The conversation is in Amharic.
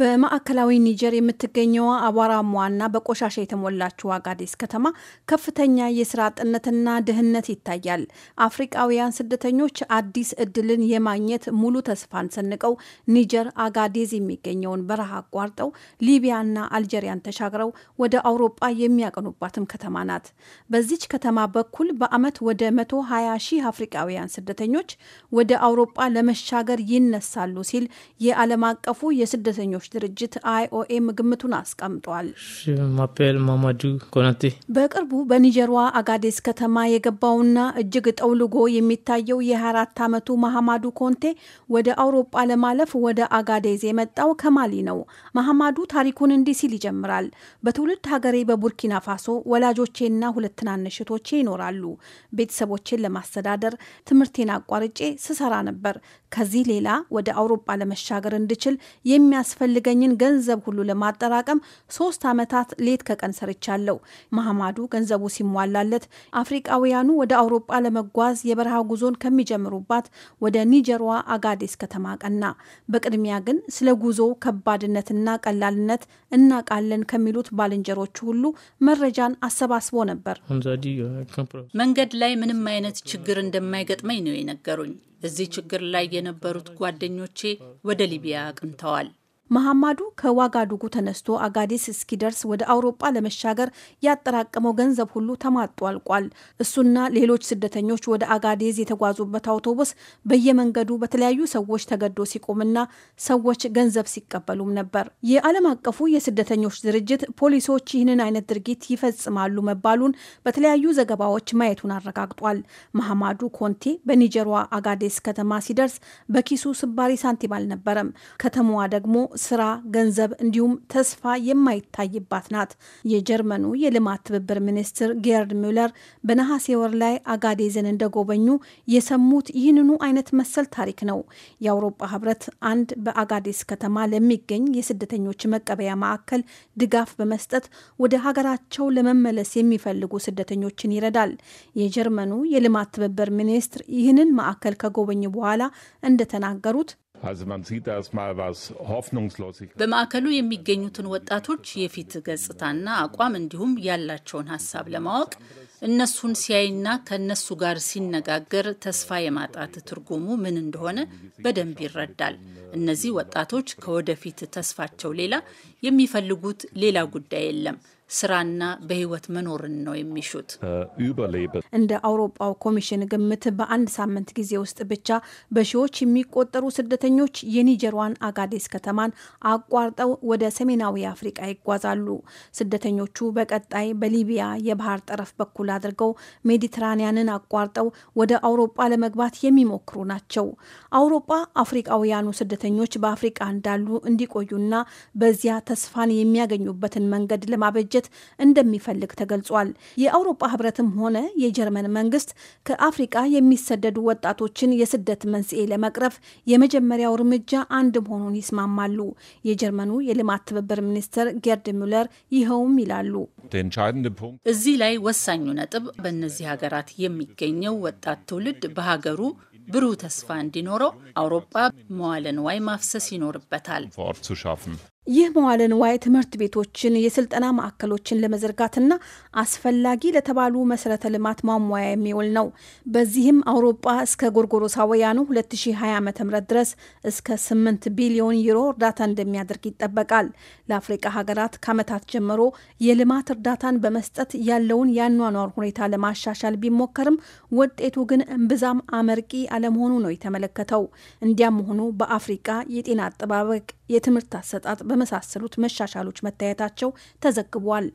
በማዕከላዊ ኒጀር የምትገኘው አቧራማዋና በቆሻሻ የተሞላችው አጋዴስ ከተማ ከፍተኛ የስራ አጥነትና ድህነት ይታያል። አፍሪቃውያን ስደተኞች አዲስ እድልን የማግኘት ሙሉ ተስፋን ሰንቀው ኒጀር አጋዴዝ የሚገኘውን በረሃ አቋርጠው ሊቢያና አልጀሪያን ተሻግረው ወደ አውሮጳ የሚያቀኑባትም ከተማ ናት። በዚች ከተማ በኩል በአመት ወደ 120 ሺህ አፍሪቃውያን ስደተኞች ወደ አውሮጳ ለመሻገር ይነሳሉ ሲል የዓለም አቀፉ የስደተኞች ድርጅት አይኦኤም ግምቱን አስቀምጧል። በቅርቡ በኒጀሯ አጋዴስ ከተማ የገባውና እጅግ ጠውልጎ የሚታየው የ24 ዓመቱ መሐማዱ ኮንቴ ወደ አውሮጳ ለማለፍ ወደ አጋዴዝ የመጣው ከማሊ ነው። መሐማዱ ታሪኩን እንዲህ ሲል ይጀምራል። በትውልድ ሀገሬ በቡርኪና ፋሶ ወላጆቼና ሁለት ትናንሽ እህቶቼ ይኖራሉ። ቤተሰቦቼን ለማስተዳደር ትምህርቴን አቋርጬ ስሰራ ነበር። ከዚህ ሌላ ወደ አውሮፓ ለመሻገር እንድችል የሚያስፈልገኝን ገንዘብ ሁሉ ለማጠራቀም ሶስት ዓመታት ሌት ከቀን ሰርቻለሁ። መሐማዱ ገንዘቡ ሲሟላለት አፍሪቃውያኑ ወደ አውሮፓ ለመጓዝ የበረሃ ጉዞን ከሚጀምሩባት ወደ ኒጀሯ አጋዴስ ከተማ ቀና። በቅድሚያ ግን ስለ ጉዞ ከባድነትና ቀላልነት እናቃለን ከሚሉት ባልንጀሮቹ ሁሉ መረጃን አሰባስቦ ነበር። መንገድ ላይ ምንም አይነት ችግር እንደማይገጥመኝ ነው የነገሩኝ። እዚህ ችግር ላይ የነበሩት ጓደኞቼ ወደ ሊቢያ አቅንተዋል። መሐማዱ ከዋጋዱጉ ተነስቶ አጋዴስ እስኪደርስ ወደ አውሮጳ ለመሻገር ያጠራቀመው ገንዘብ ሁሉ ተማጦ አልቋል። እሱና ሌሎች ስደተኞች ወደ አጋዴዝ የተጓዙበት አውቶቡስ በየመንገዱ በተለያዩ ሰዎች ተገዶ ሲቆምና ሰዎች ገንዘብ ሲቀበሉም ነበር። የዓለም አቀፉ የስደተኞች ድርጅት ፖሊሶች ይህንን አይነት ድርጊት ይፈጽማሉ መባሉን በተለያዩ ዘገባዎች ማየቱን አረጋግጧል። መሐማዱ ኮንቴ በኒጀሯ አጋዴስ ከተማ ሲደርስ በኪሱ ስባሪ ሳንቲም አልነበረም። ከተማዋ ደግሞ ስራ፣ ገንዘብ እንዲሁም ተስፋ የማይታይባት ናት። የጀርመኑ የልማት ትብብር ሚኒስትር ጌርድ ሚለር በነሐሴ ወር ላይ አጋዴዝን እንደጎበኙ የሰሙት ይህንኑ አይነት መሰል ታሪክ ነው። የአውሮፓ ህብረት አንድ በአጋዴስ ከተማ ለሚገኝ የስደተኞች መቀበያ ማዕከል ድጋፍ በመስጠት ወደ ሀገራቸው ለመመለስ የሚፈልጉ ስደተኞችን ይረዳል። የጀርመኑ የልማት ትብብር ሚኒስትር ይህንን ማዕከል ከጎበኙ በኋላ እንደተናገሩት በማዕከሉ የሚገኙትን ወጣቶች የፊት ገጽታና አቋም እንዲሁም ያላቸውን ሀሳብ ለማወቅ እነሱን ሲያይና ከእነሱ ጋር ሲነጋገር ተስፋ የማጣት ትርጉሙ ምን እንደሆነ በደንብ ይረዳል። እነዚህ ወጣቶች ከወደፊት ተስፋቸው ሌላ የሚፈልጉት ሌላ ጉዳይ የለም። ስራና በህይወት መኖርን ነው የሚሹት። እንደ አውሮፓው ኮሚሽን ግምት በአንድ ሳምንት ጊዜ ውስጥ ብቻ በሺዎች የሚቆጠሩ ስደተኞች የኒጀሯን አጋዴስ ከተማን አቋርጠው ወደ ሰሜናዊ አፍሪቃ ይጓዛሉ። ስደተኞቹ በቀጣይ በሊቢያ የባህር ጠረፍ በኩል አድርገው ሜዲትራኒያንን አቋርጠው ወደ አውሮፓ ለመግባት የሚሞክሩ ናቸው። አውሮፓ አፍሪቃውያኑ ስደተኞች በአፍሪቃ እንዳሉ እንዲቆዩና በዚያ ተስፋን የሚያገኙበትን መንገድ ለማበጀት ማበጀት እንደሚፈልግ ተገልጿል። የአውሮፓ ህብረትም ሆነ የጀርመን መንግስት ከአፍሪቃ የሚሰደዱ ወጣቶችን የስደት መንስኤ ለመቅረፍ የመጀመሪያው እርምጃ አንድ መሆኑን ይስማማሉ። የጀርመኑ የልማት ትብብር ሚኒስትር ጌርድ ሙለር ይኸውም ይላሉ። እዚህ ላይ ወሳኙ ነጥብ በእነዚህ ሀገራት የሚገኘው ወጣት ትውልድ በሀገሩ ብሩህ ተስፋ እንዲኖረው አውሮፓ መዋለ ንዋይ ማፍሰስ ይኖርበታል። ይህ መዋለ ንዋይ ትምህርት ቤቶችን፣ የስልጠና ማዕከሎችን ለመዘርጋትና አስፈላጊ ለተባሉ መሰረተ ልማት ማሟያ የሚውል ነው። በዚህም አውሮጳ እስከ ጎርጎሮሳውያኑ 2020 ዓ ም ድረስ እስከ 8 ቢሊዮን ዩሮ እርዳታ እንደሚያደርግ ይጠበቃል። ለአፍሪቃ ሀገራት ከዓመታት ጀምሮ የልማት እርዳታን በመስጠት ያለውን የአኗኗር ሁኔታ ለማሻሻል ቢሞከርም ውጤቱ ግን እምብዛም አመርቂ አለመሆኑ ነው የተመለከተው። እንዲያም ሆኖ በአፍሪቃ የጤና አጠባበቅ የትምህርት አሰጣጥ በመሳሰሉት መሻሻሎች መታየታቸው ተዘግቧል።